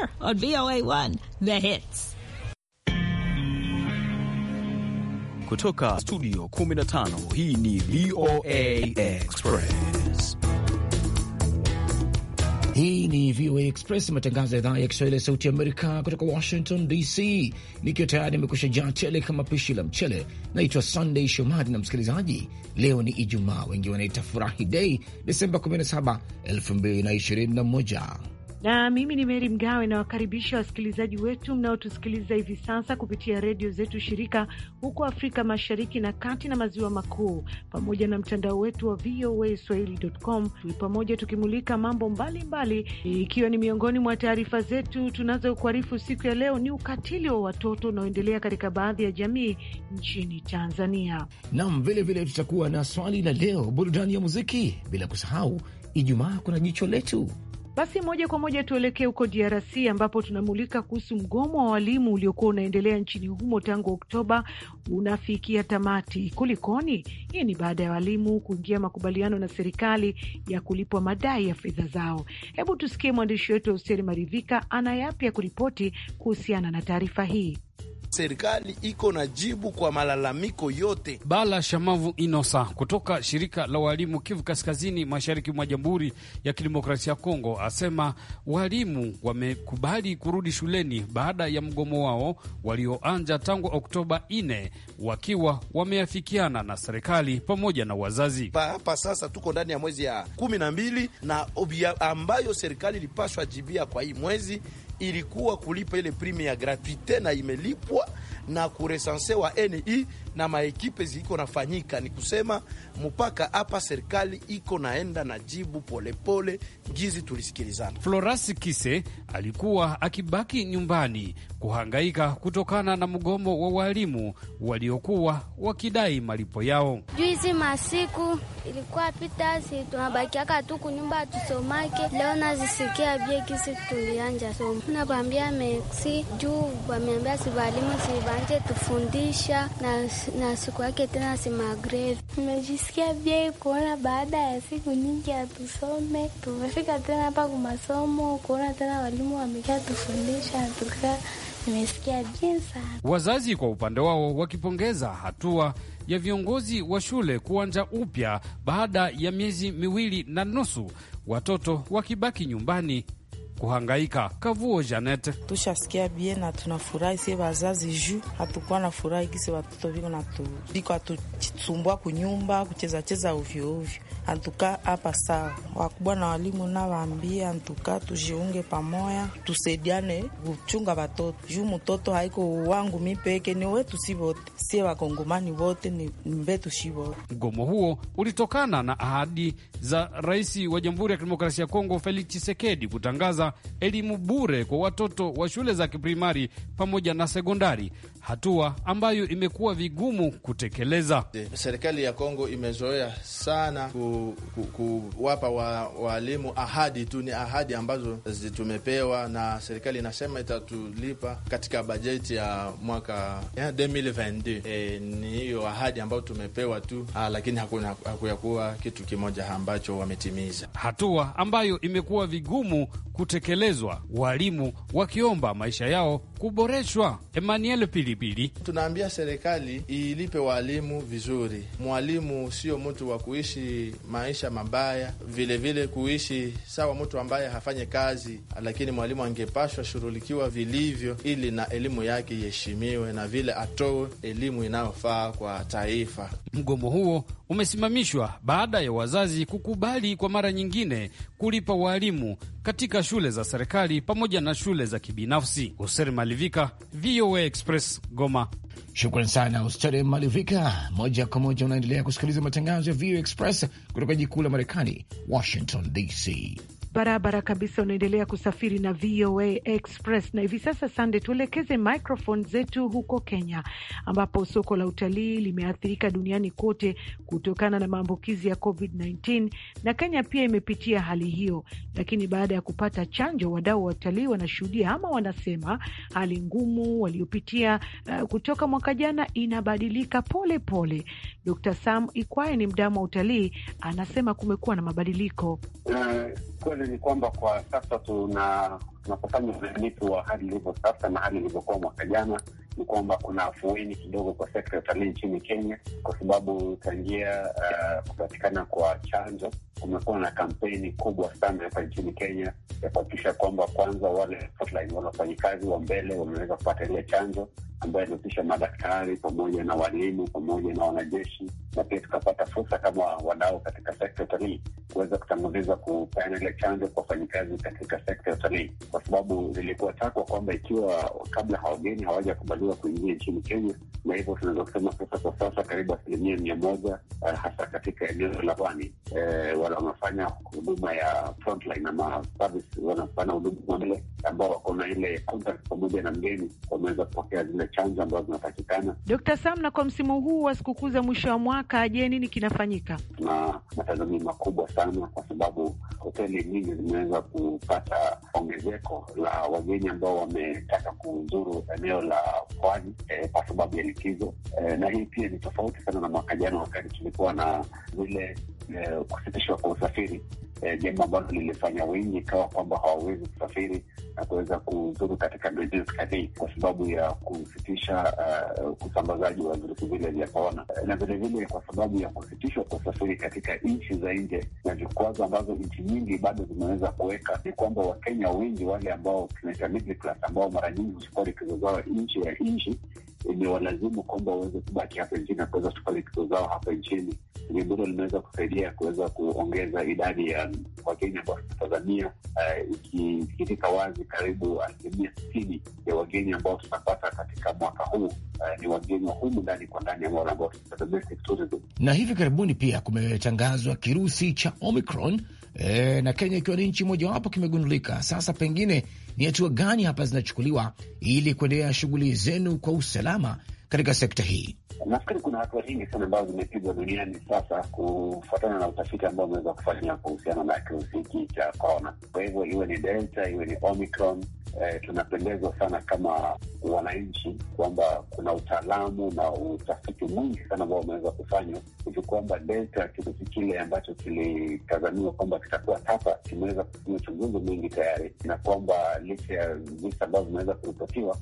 here on VOA1 The Hits. Kutoka studio 15 hii ni VOA Express. Hii ni VOA Express, matangazo ya idhaa ya Kiswahili ya Sauti ya Amerika kutoka Washington DC, nikiwa tayari nimekusha jaa tele kama pishi la mchele. Naitwa Sunday Shomari na msikilizaji, leo ni Ijumaa, wengi wanaita furahi dei, Desemba 17, 2021 na mimi ni Meri Mgawe na wakaribisha wasikilizaji wetu mnaotusikiliza hivi sasa kupitia redio zetu shirika huko Afrika Mashariki na Kati na Maziwa Makuu, pamoja na mtandao wetu wa VOA Swahili.com, pamoja tukimulika mambo mbalimbali mbali. Ikiwa ni miongoni mwa taarifa zetu tunazokuarifu siku ya leo ni ukatili wa watoto unaoendelea katika baadhi ya jamii nchini Tanzania. Nam vilevile tutakuwa na swali la leo, burudani ya muziki, bila kusahau Ijumaa kuna jicho letu basi moja kwa moja tuelekee huko DRC ambapo tunamulika kuhusu mgomo wa walimu uliokuwa unaendelea nchini humo tangu Oktoba unafikia tamati. Kulikoni? Hii ni baada ya walimu kuingia makubaliano na serikali ya kulipwa madai ya fedha zao. Hebu tusikie mwandishi wetu Austeri Marivika ana yapya kuripoti kuhusiana na taarifa hii serikali iko na jibu kwa malalamiko yote. Bala Shamavu Inosa kutoka shirika la walimu Kivu Kaskazini, mashariki mwa Jamhuri ya Kidemokrasia ya Kongo asema walimu wamekubali kurudi shuleni baada ya mgomo wao walioanja tangu Oktoba 4 wakiwa wameafikiana na serikali pamoja na wazazi. Hapa sasa tuko ndani ya mwezi ya kumi na mbili na obia ambayo serikali ilipaswa jibia kwa hii mwezi ilikuwa kulipa ile prime ya gratuite na imelipwa na kuresensewa NI na maekipe ziko nafanyika, ni kusema mpaka hapa serikali iko naenda na jibu polepole pole, gizi tulisikilizana. Florasi Kise alikuwa akibaki nyumbani kuhangaika kutokana na mgomo wa walimu waliokuwa wakidai malipo yao. Juizi masiku ilikuwa pita, si tunabakiaka tu kunyumba tusomake. Leo nazisikia bie kisi tulianja somo nabambia meksi juu wameambia si sivanje tufundisha na na siku yake tena si magrevi. Nimejisikia vyei kuona baada ya siku nyingi atusome, tumefika tena hapa masomo, kuona tena walimu wamekaa tufundisha, tukaa nimesikia bien Wazazi kwa upande wao wakipongeza hatua ya viongozi wa shule kuanza upya baada ya miezi miwili na nusu, watoto wakibaki nyumbani kuhangaika. Kavuo Janet, tushasikia bie na tunafurahi sie wazazi ju hatukuwa na furahi kisi watoto viko natuiko hatuchisumbua kunyumba kuchezacheza ovyoovyo. Antuka hapa sawa, wakubwa na walimu nawaambia, antuka tujiunge pamoya, tusaidiane kuchunga watoto juu mtoto haiko wangu mi peke, ni wetu si wote, sie wakongomani wote ni mbetu si wote. Mgomo huo ulitokana na ahadi za rais wa Jamhuri ya Kidemokrasia ya Kongo Felix Tshisekedi kutangaza elimu bure kwa watoto wa shule za kiprimari pamoja na sekondari, hatua ambayo imekuwa vigumu kutekeleza. Eh, serikali ya Kongo imezoea sana kuwapa ku, ku, waalimu ahadi tu, ni ahadi ambazo tumepewa na serikali inasema itatulipa katika bajeti ya mwaka 2022. E, eh, ni hiyo ahadi ambayo tumepewa tu ha, ah, lakini hakuna hakuyakuwa kitu kimoja ambacho wametimiza, hatua ambayo imekuwa vigumu kutekelezwa, walimu wakiomba maisha yao kuboreshwa. Emmanuel Pilipili: tunaambia serikali ilipe walimu vizuri. Mwalimu sio mtu wa kuishi maisha mabaya, vilevile vile kuishi sawa mtu ambaye hafanye kazi, lakini mwalimu angepashwa shughulikiwa vilivyo, ili na elimu yake iheshimiwe na vile atoe elimu inayofaa kwa taifa. Mgomo huo umesimamishwa baada ya wazazi kukubali kwa mara nyingine kulipa walimu katika shule za serikali pamoja na shule za kibinafsi. hoseri Malivika, VOA Express, Goma. Shukran sana Hoser Malivika. Moja kwa moja unaendelea kusikiliza matangazo ya VOA Express kutoka jikuu la Marekani, Washington DC barabara kabisa. Unaendelea kusafiri na VOA Express na hivi sasa, Sande, tuelekeze microphone zetu huko Kenya, ambapo soko la utalii limeathirika duniani kote kutokana na maambukizi ya COVID-19 na Kenya pia imepitia hali hiyo, lakini baada ya kupata chanjo, wadau wa utalii wanashuhudia ama wanasema hali ngumu waliopitia uh, kutoka mwaka jana inabadilika pole pole. Dr Sam ikwae ni mdamu wa utalii, anasema kumekuwa na mabadiliko uh, Kweli ni kwamba kwa sasa tuna tunapofanya ulinganifu wa hali ilivyo sasa na hali ilivyokuwa mwaka jana, ni kwamba kuna afueni kidogo kwa sekta ya utalii nchini Kenya, kwa sababu tangia uh, kupatikana kwa chanjo kumekuwa na kampeni kubwa sana hapa nchini Kenya ya kuhakikisha kwamba kwanza wale wafanyikazi wa mbele wameweza kupata ile chanjo ambayo inahusisha madaktari pamoja na walimu pamoja na wanajeshi, na pia tukapata fursa kama wadau katika sekta ya utalii kuweza kutanguliza kupeana ile chanjo kwa wafanyikazi katika sekta ya utalii, kwa sababu zilikuwa takwa kwamba ikiwa kabla hawageni hawajakubaliwa kuingia nchini Kenya, na hivyo tunaweza kusema sasa, kwa sasa karibu asilimia mia moja eh, hasa katika eneo la pwani eh, wale wanafanya huduma ya frontline ama service, wanafanya huduma ile ambao wako na ile contact pamoja na mgeni, wameweza kupokea zile chanjo ambazo zinatakikana. Dr. Sam, na kwa msimu huu wa sikukuu za mwisho wa mwaka, je, nini kinafanyika? Tuna matazamio makubwa sana, kwa sababu hoteli nyingi zimeweza kupata ongezeko la wageni ambao wametaka kuzuru eneo la pwani eh, kwa sababu ya likizo eh, na hii pia ni tofauti sana na mwaka jana wakati tulikuwa na zile Eh, kusitishwa kwa usafiri eh, jambo ambalo lilifanya wengi ikawa kwamba hawawezi kusafiri na kuweza kuzuru katika miji kwa sababu ya kusitisha uh, usambazaji wa virusi vile vya korona, na vilevile kwa sababu ya kusitishwa kwa usafiri katika nchi za nje na vikwazo ambazo nchi nyingi bado zimeweza kuweka, ni kwamba Wakenya wengi wale ambao tunaita middle class, ambao mara nyingi huchukua likizo zao nchi ya nchi, imewalazimu kwamba waweze kubaki hapa nchini na kuweza kuchukua likizo zao hapa nchini libuto limeweza kusaidia kuweza kuongeza idadi ya wageni ambao tunatazamia, eh, ikifika uh, wazi karibu asilimia sitini ya wageni ambao tunapata katika mwaka huu uh, ni wageni wa humu ndani kwa ndani ambao ambao tunatazamia. Na hivi karibuni pia kumetangazwa kirusi cha Omicron e, na Kenya ikiwa ni nchi mojawapo kimegundulika. Sasa pengine ni hatua gani hapa zinachukuliwa ili kuendelea shughuli zenu kwa usalama katika sekta hii? Nafikiri kuna hatua nyingi sana ambazo zimepigwa duniani sasa kufuatana na utafiti ambao umeweza kufanya kuhusiana na kirusi hiki cha korona. Kwa hivyo iwe ni delta, iwe ni omicron, eh, tunapendezwa sana kama wananchi kwamba kuna utaalamu na utafiti mwingi sana ambao umeweza kufanywa hivi kwamba delta, kirusi kile ambacho kilitazamiwa kwamba kitakuwa sasa, kimeweza kufanya uchunguzi mwingi tayari, na kwamba licha ya visa ambavyo vimeweza kuripotiwa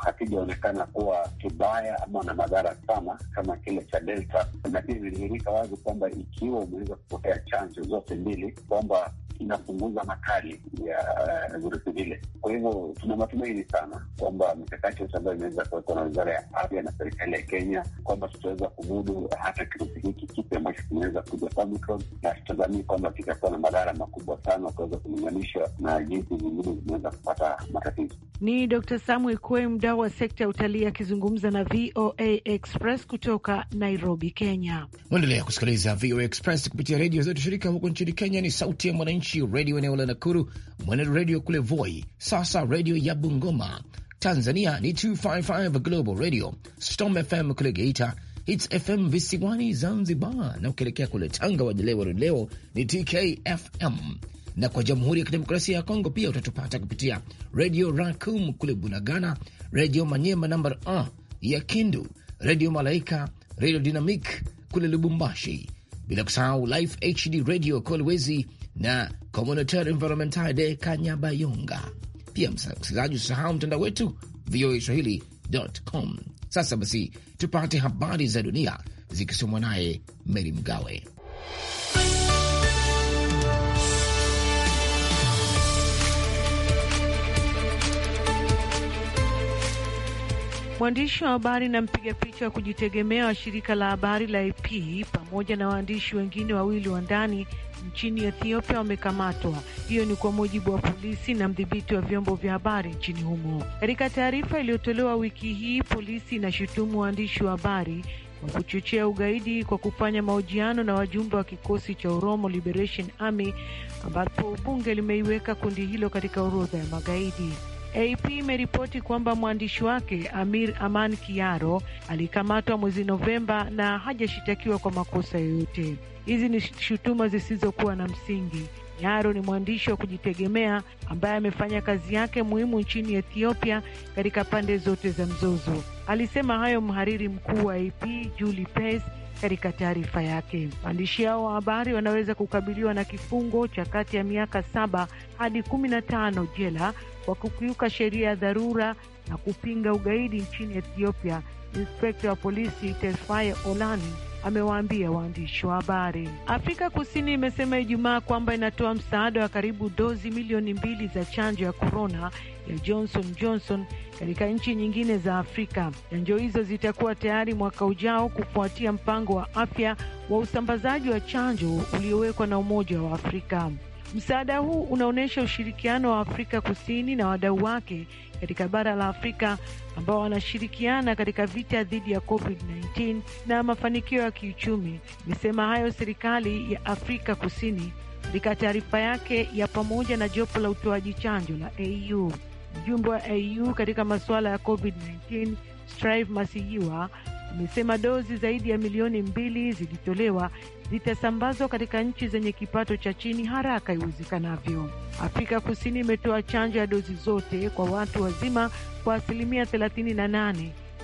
hakijaonekana kuwa kibaya ama na madhara sana kama kile cha Delta, lakini ilidhihirika wazi kwamba ikiwa umeweza kupokea chanjo zote mbili kwamba inapunguza makali ya virusi vile. Kwa hivyo tuna matumaini sana kwamba mikakati yote ambayo imeweza kuwekwa na wizara ya afya na serikali ya Kenya kwamba tutaweza kumudu hata kirusi hiki kipya ambacho kimeweza kuja Omicron, na tutazamii kwamba kitakuwa na madhara makubwa sana kuweza kulinganisha na jinsi zingine zimeweza kupata matatizo. Ni Dr Samuel Kwe, mdau wa sekta ya utalii, akizungumza na VOA Express kutoka Nairobi, Kenya. Mwendelea kusikiliza VOA Express kupitia redio zetu shirika huko nchini Kenya ni Sauti ya Mwananchi Mwananchi Redio eneo la Nakuru, Redio kule Voi, sasa redio ya Bungoma. Tanzania ni 255 Global Radio, Storm FM kule Geita, Hits FM visiwani Zanzibar, na ukielekea kule Tanga wajalewalileo ni TKFM na kwa Jamhuri ya Kidemokrasia ya Kongo pia utatupata kupitia Redio Racum kule Bunagana, Redio Manyema namba a ya Kindu, Redio Malaika, Redio Dynamic kule Lubumbashi, bila kusahau Life HD Radio Kolwezi na Communautaire Environmentale de Kanyabayonga. Pia msikilizaji, usisahau mtandao wetu VOA Swahili.com. Sasa basi, tupate habari za dunia zikisomwa naye Meri Mgawe. Mwandishi wa habari na mpiga picha wa kujitegemea wa shirika la habari la AP pamoja na waandishi wengine wawili wa ndani nchini Ethiopia wamekamatwa. Hiyo ni kwa mujibu wa polisi na mdhibiti wa vyombo vya habari nchini humo. Katika taarifa iliyotolewa wiki hii, polisi inashutumu waandishi wa habari kwa kuchochea ugaidi kwa kufanya mahojiano na wajumbe wa kikosi cha Oromo Liberation Army, ambapo bunge limeiweka kundi hilo katika orodha ya magaidi. AP imeripoti kwamba mwandishi wake Amir Aman Kiaro alikamatwa mwezi Novemba na hajashitakiwa kwa makosa yoyote. Hizi ni shutuma zisizokuwa na msingi. kiaro ni mwandishi wa kujitegemea ambaye amefanya kazi yake muhimu nchini Ethiopia katika pande zote za mzozo. Alisema hayo mhariri mkuu wa AP Julie Pace katika taarifa yake. Waandishi hao wa habari wanaweza kukabiliwa na kifungo cha kati ya miaka saba hadi kumi na tano jela kwa kukiuka sheria ya dharura na kupinga ugaidi nchini Ethiopia. Inspekta wa polisi Tesfaye Olani amewaambia waandishi wa habari. Afrika Kusini imesema Ijumaa kwamba inatoa msaada wa karibu dozi milioni mbili za chanjo ya korona ya Johnson Johnson katika nchi nyingine za Afrika. Chanjo hizo zitakuwa tayari mwaka ujao kufuatia mpango wa afya wa usambazaji wa chanjo uliowekwa na Umoja wa Afrika. Msaada huu unaonyesha ushirikiano wa Afrika Kusini na wadau wake katika bara la Afrika ambao wanashirikiana katika vita dhidi ya COVID-19 na mafanikio ya kiuchumi. Imesema hayo serikali ya Afrika Kusini katika taarifa yake ya pamoja na jopo la utoaji chanjo la AU. Mjumbe wa AU katika masuala ya COVID-19 Strive Masiyiwa amesema dozi zaidi ya milioni mbili zilitolewa zitasambazwa katika nchi zenye kipato cha chini haraka iwezekanavyo. Afrika Kusini imetoa chanjo ya dozi zote kwa watu wazima kwa asilimia 38.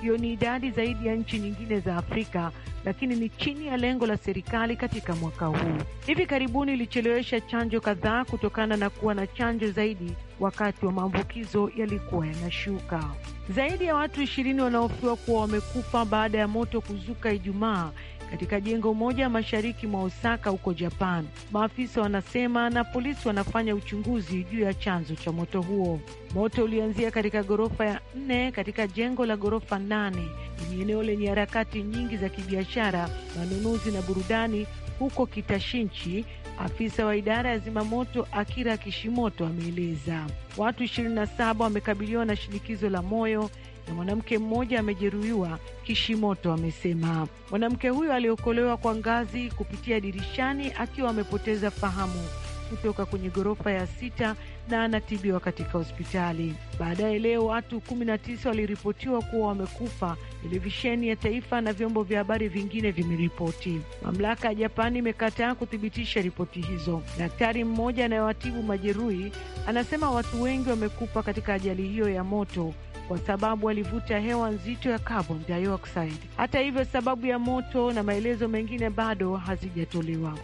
Hiyo ni idadi zaidi ya nchi nyingine za Afrika, lakini ni chini ya lengo la serikali katika mwaka huu. Hivi karibuni ilichelewesha chanjo kadhaa kutokana na kuwa na chanjo zaidi wakati wa maambukizo yalikuwa yanashuka. Zaidi ya watu ishirini wanaofiwa kuwa wamekufa baada ya moto kuzuka Ijumaa katika jengo moja mashariki mwa Osaka huko Japan, maafisa wanasema, na polisi wanafanya uchunguzi juu ya chanzo cha moto huo. Moto ulianzia katika ghorofa ya nne katika jengo la ghorofa nane kwenye eneo lenye harakati nyingi za kibiashara, manunuzi na burudani huko Kitashinchi Afisa wa idara ya zimamoto Akira Kishimoto ameeleza watu 27 wamekabiliwa na shinikizo la moyo na mwanamke mmoja amejeruhiwa. Kishimoto amesema mwanamke huyo aliokolewa kwa ngazi kupitia dirishani akiwa amepoteza fahamu kutoka kwenye ghorofa ya sita na anatibiwa katika hospitali. Baadaye leo watu 19 waliripotiwa kuwa wamekufa, televisheni ya taifa na vyombo vya habari vingine vimeripoti. Mamlaka ya Japani imekataa kuthibitisha ripoti hizo. Daktari mmoja anayewatibu majeruhi anasema watu wengi wamekufa katika ajali hiyo ya moto kwa sababu alivuta hewa nzito ya carbon dioxide. Hata hivyo, sababu ya moto na maelezo mengine bado hazijatolewa.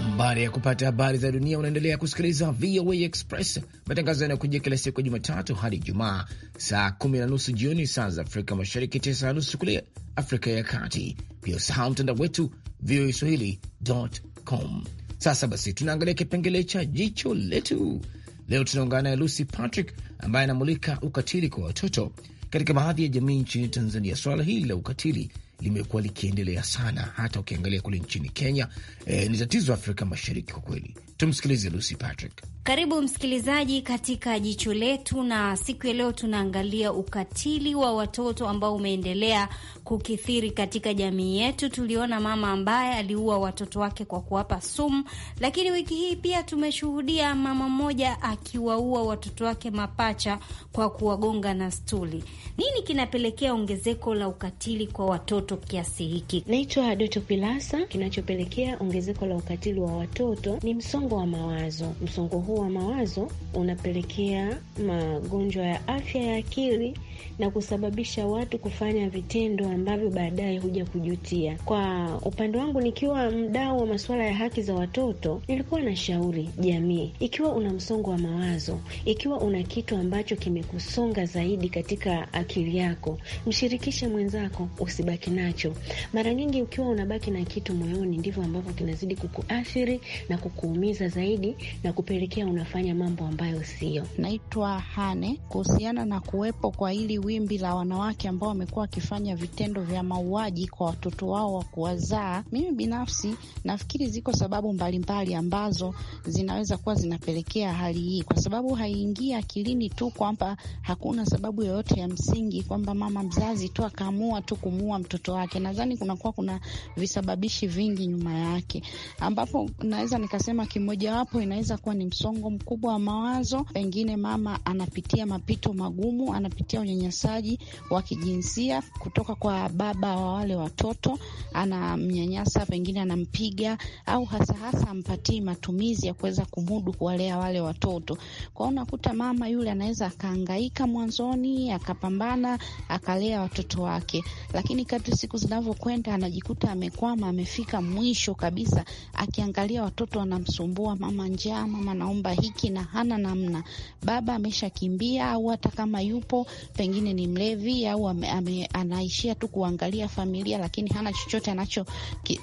na ya kupata habari za dunia, unaendelea kusikiliza VOA Express, matangazo yanayokujia kila siku ya Jumatatu hadi Jumaa saa kumi na nusu jioni saa za Afrika Mashariki, tisa na nusu kule Afrika ya Kati. Pia usahau mtandao wetu VOA Swahili.com. Sasa basi, tunaangalia kipengele cha jicho letu. Leo tunaungana na Lucy Patrick ambaye anamulika ukatili kwa watoto katika baadhi ya jamii nchini Tanzania. Swala hili la ukatili limekuwa likiendelea sana. Hata ukiangalia kule nchini Kenya, E, ni tatizo Afrika Mashariki kwa kweli. Tumsikilize Lucy Patrick. Karibu msikilizaji katika jicho letu, na siku ya leo tunaangalia ukatili wa watoto ambao umeendelea kukithiri katika jamii yetu. Tuliona mama ambaye aliua watoto wake kwa kuwapa sumu, lakini wiki hii pia tumeshuhudia mama mmoja akiwaua watoto wake mapacha kwa kuwagonga na stuli. Nini kinapelekea ongezeko la ukatili kwa watoto kiasi hiki? Naitwa Doto Pilasa. Kinachopelekea ongezeko la ukatili wa watoto ni msongo msongo wa mawazo. Msongo huu wa mawazo unapelekea magonjwa ya afya ya akili na kusababisha watu kufanya vitendo ambavyo baadaye huja kujutia. Kwa upande wangu, nikiwa mdau wa masuala ya haki za watoto, nilikuwa na shauri jamii, ikiwa una msongo wa mawazo, ikiwa una kitu ambacho kimekusonga zaidi katika akili yako, mshirikishe mwenzako, usibaki nacho. Mara nyingi ukiwa unabaki na kitu moyoni, ndivyo ambavyo kinazidi kukuathiri na kukuumiza kuumiza zaidi na kupelekea unafanya mambo ambayo sio. Naitwa Hane. Kuhusiana na kuwepo kwa hili wimbi la wanawake ambao wamekuwa wakifanya vitendo vya mauaji kwa watoto wao wa kuwazaa, mimi binafsi nafikiri ziko sababu mbalimbali mbali ambazo zinaweza kuwa zinapelekea hali hii, kwa sababu haiingii akilini tu kwamba hakuna sababu yoyote ya msingi kwamba mama mzazi tu akaamua tu kumuua mtoto wake. Nadhani kunakuwa kuna visababishi vingi nyuma yake, ambapo naweza nikasema kim mojawapo inaweza kuwa ni msongo mkubwa wa mawazo. Pengine mama anapitia mapito magumu, anapitia unyanyasaji wa kijinsia kutoka kwa baba wa wale watoto, anamnyanyasa, pengine anampiga, au hasa hasa ampatii matumizi ya kuweza kumudu kuwalea wale watoto. Kwao unakuta mama yule anaweza akaangaika mwanzoni, akapambana, akalea watoto wake, lakini kadri siku zinavyokwenda, anajikuta amekwama, amefika mwisho kabisa, akiangalia watoto wanamsumbua kusumbua mama, njaa mama, naomba hiki, na hana namna. Baba ameshakimbia, au hata kama yupo pengine ni mlevi au ame, ame, anaishia tu kuangalia familia, lakini hana chochote anacho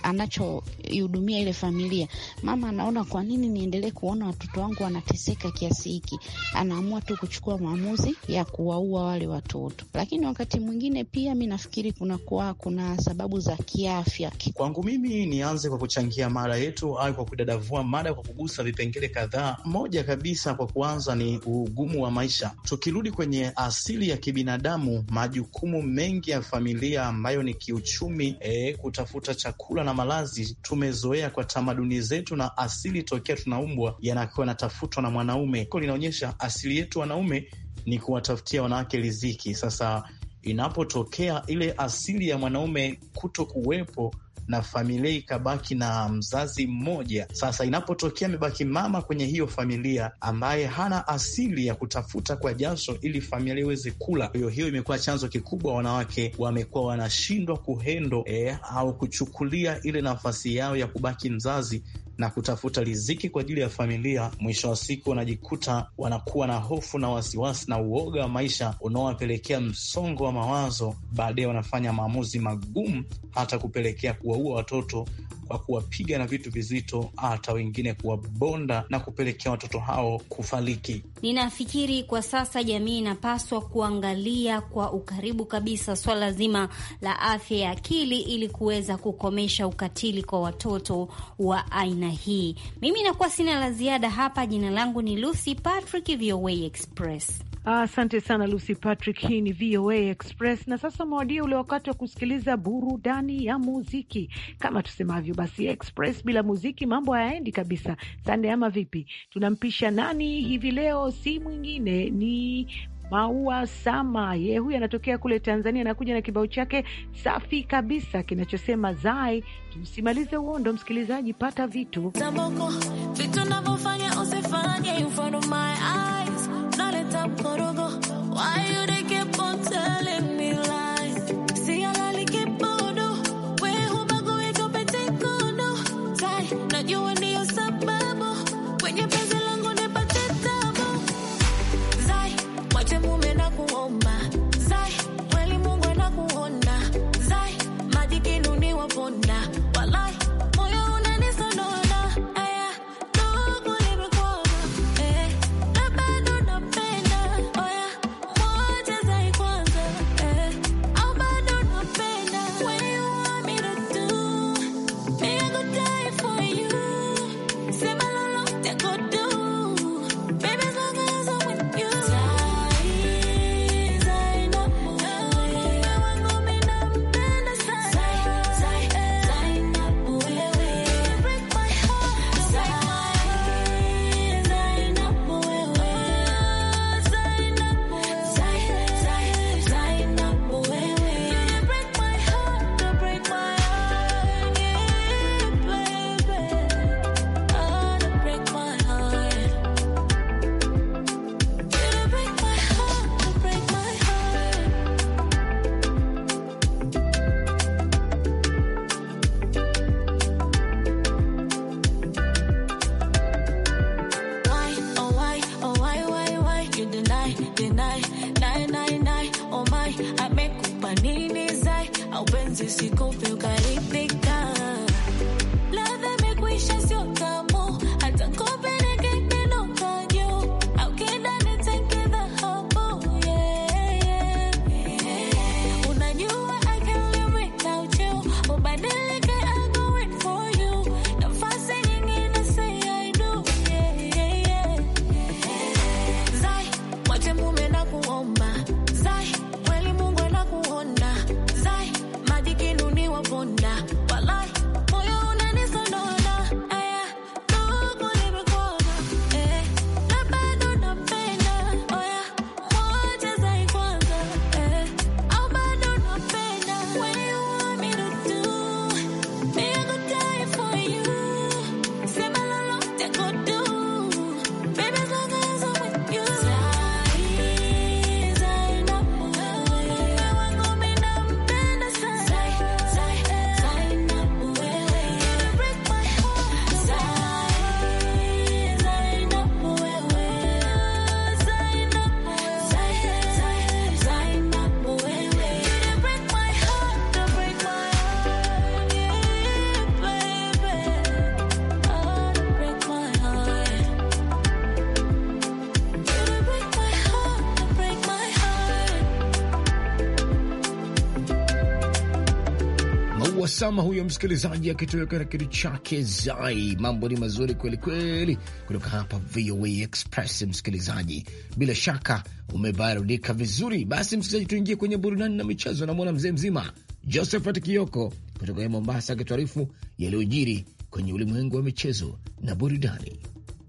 anachoihudumia ile familia. Mama anaona kwa nini niendelee kuona watoto wangu wanateseka kiasi hiki? Anaamua tu kuchukua maamuzi ya kuwaua wale watoto. Lakini wakati mwingine pia mi nafikiri kuna, kwa, kuna sababu za kiafya. Kwangu mimi nianze kwa kuchangia mada yetu au kwa kudadavua mada kwa kugusa vipengele kadhaa. Moja kabisa kwa kuanza ni ugumu wa maisha. Tukirudi kwenye asili ya kibinadamu, majukumu mengi ya familia ambayo ni kiuchumi, e, kutafuta chakula na malazi, tumezoea kwa tamaduni zetu na asili tokea tunaumbwa, yanakuwa yanatafutwa na mwanaume. ko linaonyesha asili yetu wanaume ni kuwatafutia wanawake riziki. Sasa inapotokea ile asili ya mwanaume kuto kuwepo na familia ikabaki na mzazi mmoja. Sasa inapotokea amebaki mama kwenye hiyo familia ambaye hana asili ya kutafuta kwa jasho ili familia iweze kula, hiyo hiyo imekuwa chanzo kikubwa, wanawake wamekuwa wanashindwa kuhendo eh, au kuchukulia ile nafasi yao ya kubaki mzazi na kutafuta riziki kwa ajili ya familia, mwisho wa siku wanajikuta wanakuwa na hofu na wasiwasi na uoga wa maisha unaowapelekea msongo wa mawazo. Baadaye wanafanya maamuzi magumu, hata kupelekea kuwaua watoto kwa kuwapiga na vitu vizito, hata wengine kuwabonda na kupelekea watoto hao kufariki. Ninafikiri kwa sasa jamii inapaswa kuangalia kwa ukaribu kabisa swala zima la afya ya akili ili kuweza kukomesha ukatili kwa watoto wa aina namna hii. Mimi nakuwa sina la ziada hapa. Jina langu ni Lucy Patrick, VOA Express. Asante ah, sana Lucy Patrick. Hii ni VOA Express na sasa mwadia ule wakati wa kusikiliza burudani ya muziki. Kama tusemavyo, basi Express bila muziki mambo hayaendi kabisa. Sande ama vipi? Tunampisha nani hivi leo? Si mwingine ni Maua Sama, yeye huyu anatokea kule Tanzania, anakuja na kibao chake safi kabisa kinachosema zai. Tusimalize uondo, msikilizaji, pata vitu vitu navyofanya usifanye, my eyes, naleta mkorogo kama huyo msikilizaji akitoweka na kitu chake zai. Mambo ni mazuri kwelikweli kutoka hapa VOA Express. Msikilizaji, bila shaka umebarudika vizuri. Basi msikilizaji, tuingie kwenye burudani na michezo. Namwona mzee mzima Josephat Kioko kutoka Mombasa akituarifu yaliyojiri kwenye ulimwengu wa michezo na burudani.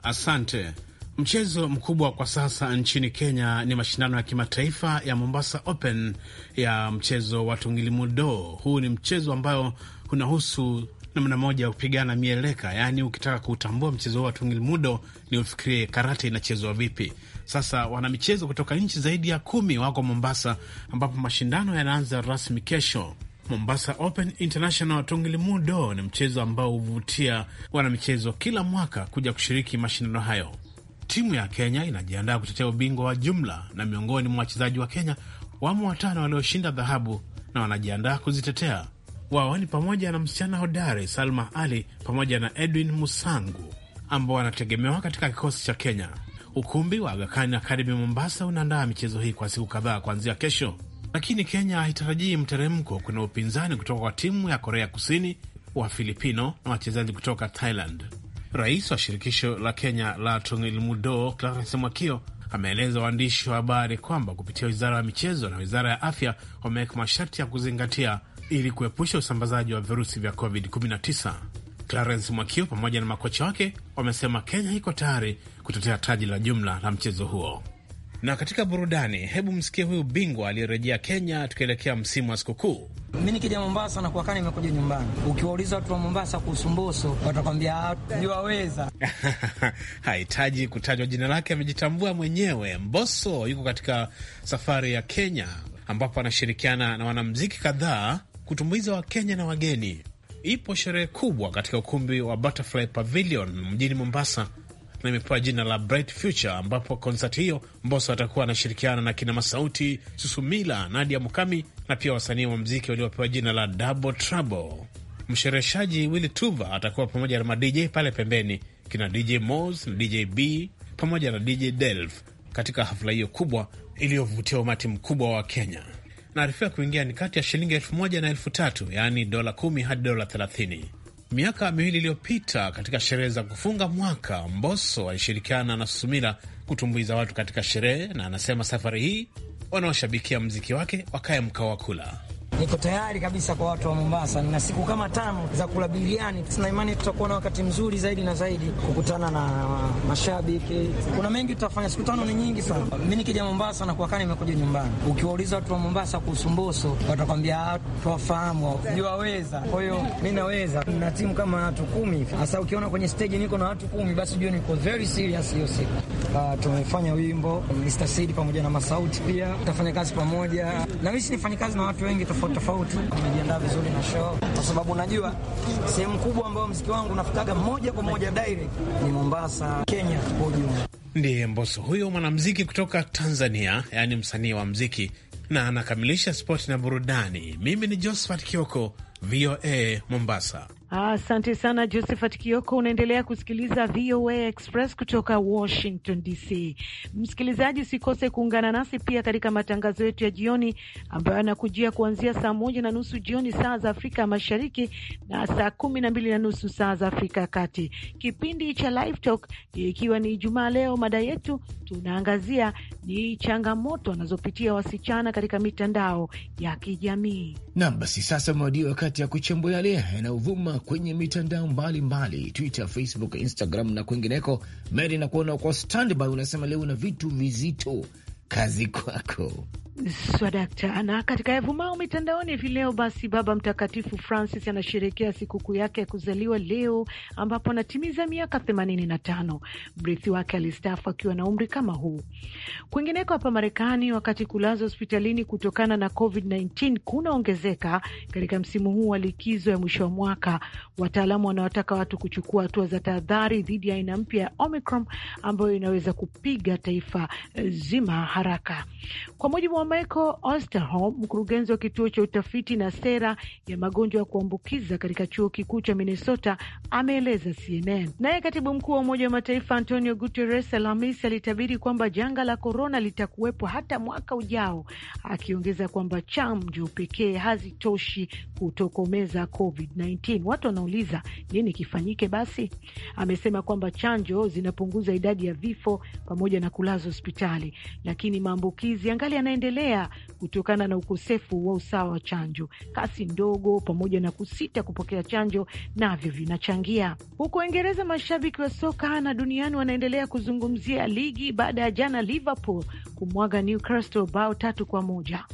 Asante. Mchezo mkubwa kwa sasa nchini Kenya ni mashindano ya kimataifa ya Mombasa Open ya mchezo wa tungilimudo. Huu ni mchezo ambayo unahusu namna moja ya kupigana mieleka, yaani ukitaka kuutambua mchezo huu wa tungilimudo ni ufikirie karate inachezwa vipi. Sasa wanamichezo kutoka nchi zaidi ya kumi wako Mombasa, ambapo mashindano yanaanza rasmi kesho. Mombasa Open International tungilimudo ni mchezo ambao huvutia wanamichezo kila mwaka kuja kushiriki mashindano hayo. Timu ya Kenya inajiandaa kutetea ubingwa wa jumla, na miongoni mwa wachezaji wa Kenya wamo watano walioshinda dhahabu na wanajiandaa kuzitetea. Wao ni pamoja na msichana hodari Salma Ali pamoja na Edwin Musangu ambao wanategemewa katika kikosi cha Kenya. Ukumbi wa Aga Khan Academy Mombasa unaandaa michezo hii kwa siku kadhaa kuanzia kesho, lakini Kenya haitarajii mteremko. Kuna upinzani kutoka kwa timu ya Korea Kusini, wa Filipino na wachezaji kutoka Thailand. Rais wa shirikisho la Kenya la mudo Clarence Mwakio ameeleza waandishi wa habari kwamba kupitia wizara ya michezo na wizara ya afya wameweka masharti ya kuzingatia ili kuepusha usambazaji wa virusi vya COVID-19. Clarence Mwakio pamoja na makocha wake wamesema Kenya iko tayari kutetea taji la jumla la mchezo huo. Na katika burudani, hebu msikie huyu bingwa aliyerejea Kenya tukielekea msimu wa sikukuu. Mi nikija Mombasa na kuwakaa nimekuja nyumbani. Ukiwauliza watu wa Mombasa kuhusu mboso, watakwambia juaweza. Ah, Hahitaji kutajwa jina lake, amejitambua mwenyewe. mboso yuko katika safari ya Kenya ambapo anashirikiana na wanamziki kadhaa kutumbuiza Wakenya na wageni. Ipo sherehe kubwa katika ukumbi wa Butterfly Pavilion mjini Mombasa na imepewa jina la Bright Future, ambapo konsati hiyo mboso atakuwa anashirikiana na kina Masauti, Susumila, Nadia Mukami na pia wasanii wa mziki waliopewa jina la Double Trouble. Mshereheshaji willi Tuva atakuwa pamoja na madj pale pembeni, kina DJ Mos na DJ B pamoja na DJ Delf katika hafla hiyo kubwa iliyovutia umati mkubwa wa Kenya. Naarifiwa kuingia ni kati ya shilingi elfu moja na elfu tatu yaani dola kumi hadi dola thelathini. Miaka miwili iliyopita katika sherehe za kufunga mwaka, mboso alishirikiana na Sumira kutumbuiza watu katika sherehe, na anasema safari hii wanaoshabikia mziki wake wakaye mkao wa kula. Niko tayari kabisa kwa watu wa Mombasa, na siku kama tano za kula biriani, Tuna imani tutakuwa na wakati mzuri zaidi na zaidi kukutana na mashabiki. Kuna mengi tutafanya, siku tano ni nyingi sana. Mimi nikija Mombasa na kuwakana, nimekuja nyumbani. Ukiwauliza watu wa Mombasa kuhusu Mboso watakwambia twafahamu, juaweza. Kwa hiyo mi naweza na timu kama watu kumi. Hasa ukiona kwenye stage niko na watu kumi, basi jua niko very serious hiyo siku. Uh, tumefanya wimbo Mr. Sid pamoja na Masauti pia, tutafanya kazi pamoja na wishi nifanye kazi na watu wengi tofauti tofauti tofauti. Nimejiandaa vizuri na show kwa sababu najua sehemu kubwa ambayo mziki wangu unafikaga moja kwa moja direct ni Mombasa, Kenya kwa ujumla. Ndiye Mboso huyo mwanamziki kutoka Tanzania, yaani msanii wa mziki na anakamilisha spoti na burudani. Mimi ni Josephat Kioko, VOA Mombasa. Asante sana Josephat Kioko. Unaendelea kusikiliza VOA Express kutoka Washington DC. Msikilizaji, usikose kuungana nasi pia katika matangazo yetu ya jioni ambayo yanakujia kuanzia saa moja na nusu jioni saa za Afrika Mashariki na saa kumi na mbili na nusu saa za Afrika ya Kati, kipindi cha Live Talk ikiwa ni Ijumaa. Leo mada yetu tunaangazia ni changamoto wanazopitia wasichana katika mitandao ya kijamii. Nam basi, sasa mwadia wakati ya kuchambua yale yanayovuma kwenye mitandao mbalimbali, Twitter, Facebook, Instagram na kwingineko. Mary, nakuona uko standby, unasema leo una vitu vizito kazi kwako. Swadakta. Na katika yavumao mitandaoni hivi leo, basi Baba Mtakatifu Francis anasherehekea sikukuu yake ya kuzaliwa leo, ambapo anatimiza miaka themanini na tano. Mrithi wake alistaafu akiwa na umri kama huu. Kwingineko hapa Marekani, wakati kulazwa hospitalini kutokana na COVID-19 kunaongezeka katika msimu huu wa likizo ya mwisho wa mwaka, wataalamu wanawataka watu kuchukua hatua za tahadhari dhidi ya aina mpya ya Omicron ambayo inaweza kupiga taifa eh, zima haraka. Kwa mujibu wa Michael Osterholm, mkurugenzi wa kituo cha utafiti na sera ya magonjwa ya kuambukiza katika chuo kikuu cha Minnesota, ameeleza CNN. Naye katibu mkuu wa Umoja wa Mataifa Antonio Guterres Alhamisi alitabiri kwamba janga la korona litakuwepo hata mwaka ujao, akiongeza kwamba chanjo pekee hazitoshi kutokomeza COVID-19. Watu wanauliza nini kifanyike? Basi amesema kwamba chanjo zinapunguza idadi ya vifo pamoja na kulazwa hospitali, lakini maambukizi angali yanaendelea kuendelea kutokana na ukosefu wa usawa wa chanjo, kasi ndogo, pamoja na kusita kupokea chanjo navyo vinachangia. Huko Uingereza, mashabiki wa soka na duniani wanaendelea kuzungumzia ligi baada ya jana Liverpool kumwaga Newcastle bao tatu kwa moja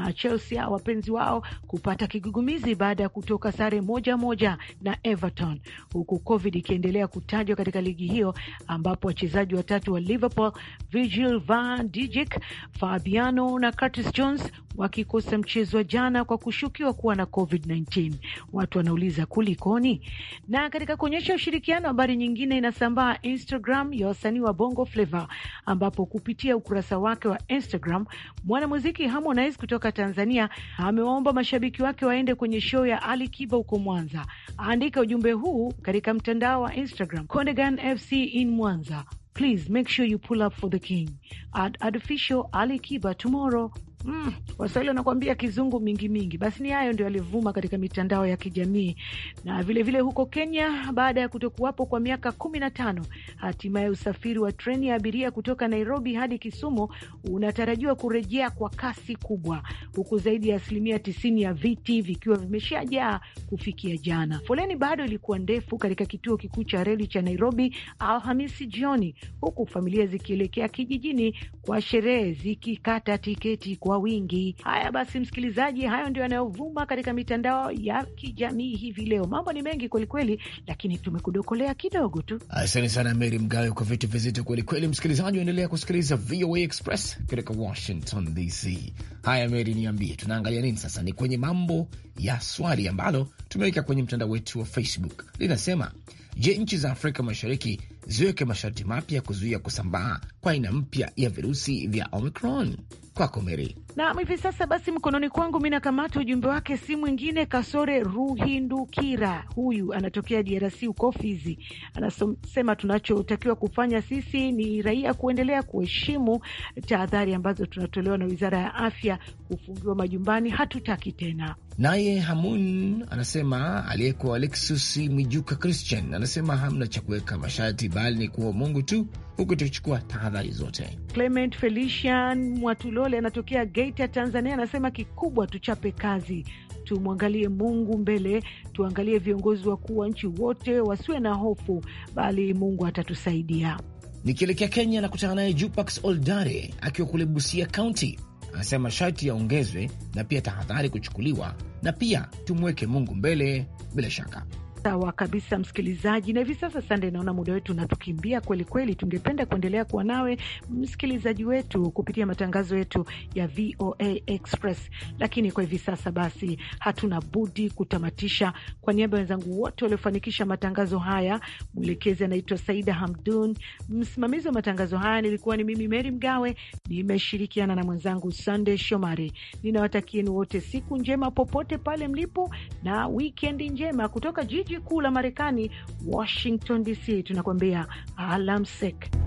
na Chelsea wapenzi wao kupata kigugumizi baada ya kutoka sare moja moja na Everton, huku COVID ikiendelea kutajwa katika ligi hiyo, ambapo wachezaji watatu wa Liverpool Virgil van Dijk, Fabiano na Curtis Jones wakikosa mchezo wa jana kwa kushukiwa kuwa na COVID-19. Watu wanauliza kulikoni? Na katika kuonyesha ushirikiano, habari nyingine inasambaa Instagram ya wasanii wa Bongo Flava, ambapo kupitia ukurasa wake wa Instagram mwanamuziki Harmonize kutoka kutoka Tanzania amewaomba mashabiki wake waende kwenye show ya Ali Kiba huko Mwanza. Andika ujumbe huu katika mtandao wa Instagram Kondegan FC in Mwanza. Please make sure you pull up for the king at official Ali Kiba tomorrow. Mm, Waswahili wanakuambia kizungu mingi mingi. Basi ni hayo ndio yalivuma katika mitandao ya kijamii na vilevile vile huko Kenya, baada ya kutokuwapo kwa miaka kumi na tano, hatimaye usafiri wa treni ya abiria kutoka Nairobi hadi Kisumu unatarajiwa kurejea kwa kasi kubwa, huku zaidi ya asilimia tisini ya viti vikiwa vimeshajaa kufikia jana. Foleni bado ilikuwa ndefu katika kituo kikuu cha reli cha Nairobi Alhamisi jioni, huku familia zikielekea kijijini kwa sherehe zikikata tiketi kwa kwa wingi. Haya basi, msikilizaji, hayo ndio yanayovuma katika mitandao ya kijamii hivi leo. Mambo ni mengi kwelikweli, lakini tumekudokolea kidogo tu. Asante sana mery Mgawe kwa vitu vizito kwelikweli. Msikilizaji, endelea kusikiliza VOA Express kutoka Washington DC. Haya Mary, niambie, tunaangalia nini sasa? Ni kwenye mambo ya swali ambalo tumeweka kwenye mtandao wetu wa Facebook, linasema Je, nchi za Afrika Mashariki ziweke masharti mapya kuzuia kusambaa kwa aina mpya ya virusi vya Omicron? Kwako Meri na hivi sasa basi, mkononi kwangu mi nakamata ujumbe wake, si mwingine Kasore Ruhindukira. Huyu anatokea DRC uko Fizi, anasema tunachotakiwa kufanya sisi ni raia kuendelea kuheshimu tahadhari ambazo tunatolewa na wizara ya afya. Kufungiwa majumbani hatutaki tena. Naye Hamun anasema aliyekuwa Alexus Mijuka Christian anasema hamna cha kuweka masharti, bali ni kuwa Mungu tu, huku tukichukua tahadhari zote. Clement Felician Mwatulole anatokea Gate Geita, Tanzania, anasema kikubwa tuchape kazi, tumwangalie Mungu mbele, tuangalie viongozi wakuu wa nchi wote wasiwe na hofu, bali Mungu atatusaidia. Nikielekea Kenya na kutana naye Jupax Oldare akiwa kule Busia Kaunti, anasema sharti yaongezwe na pia tahadhari kuchukuliwa, na pia tumweke Mungu mbele bila shaka. Sawa kabisa, msikilizaji, na hivi sasa Sande, naona muda wetu unatukimbia kweli kweli. Tungependa kuendelea kuwa nawe msikilizaji wetu kupitia matangazo yetu ya VOA Express, lakini kwa hivi sasa basi hatuna budi kutamatisha. Kwa niaba ya wenzangu wote waliofanikisha matangazo haya, mwelekezi anaitwa Saida Hamdun, msimamizi wa matangazo haya nilikuwa ni mimi Meri Mgawe, nimeshirikiana na mwenzangu Sande Shomari. Ninawatakieni wote siku njema popote pale mlipo na wikendi njema kutoka jiji jiji kuu la Marekani, Washington DC. Tunakuambia alamsek.